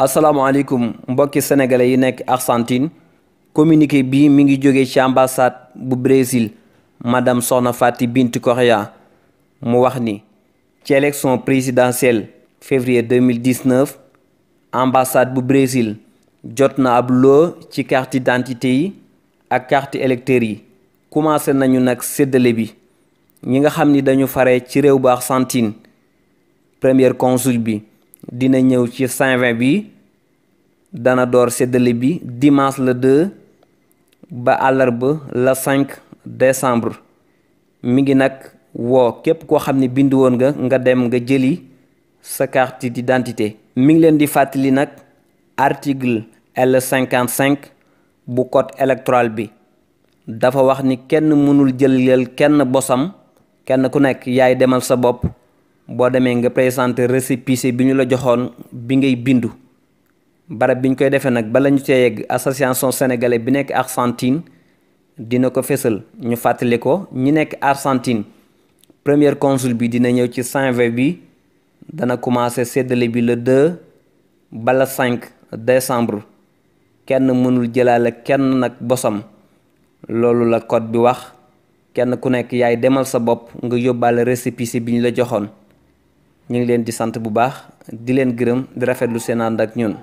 asalaamaaleykum mbokki sénégalais yi nekk Argentine communiqué bi mi ngi jóge ci ambassade bu Brésil madame Soxna Fati bint Correa mu wax ni ci élection présidentielle février 2019 ambassade bu Brésil jot na ab loo ci carte d'identité yi ak carte électeur yi commencé nañu nag séddale bi ñi nga xam ni dañu fare ci réew bu Argentine première consul bi dina ñëw ci cent vingt bi dana door séddale bi dimaas la 2 ba àllarba la cinq decembre mu ngi nag woo képp koo xam ne bind woon nga nga dem nga jëli sa di d'identité mi ngi leen di fàttali nag article L55 bu code électoral bi dafa wax ni kenn mënul jël jëlal kenn bosam kenn ku nekk yaay demal sa bopp boo demee nga présenter récépissé bi ñu la joxoon bi ngay bindu barab bi ñu koy defee nag bala ñu cee yegg association sénégalais bi nekk Argentine dina ko fésal ñu fàttali ko ñi nekk Argentine première consul bi dina ñëw ci saint bi dana commencé séddale bi le 2 bala 5 décembre kenn mënul jëlaale kenn nag bosam loolu la code bi wax kenn ku nekk yaay demal sa bopp nga yóbbaale récépissé bi ñu la joxoon ñu ngi leen di sant bu baax di leen gërëm di rafetlu seen ànd ak ñun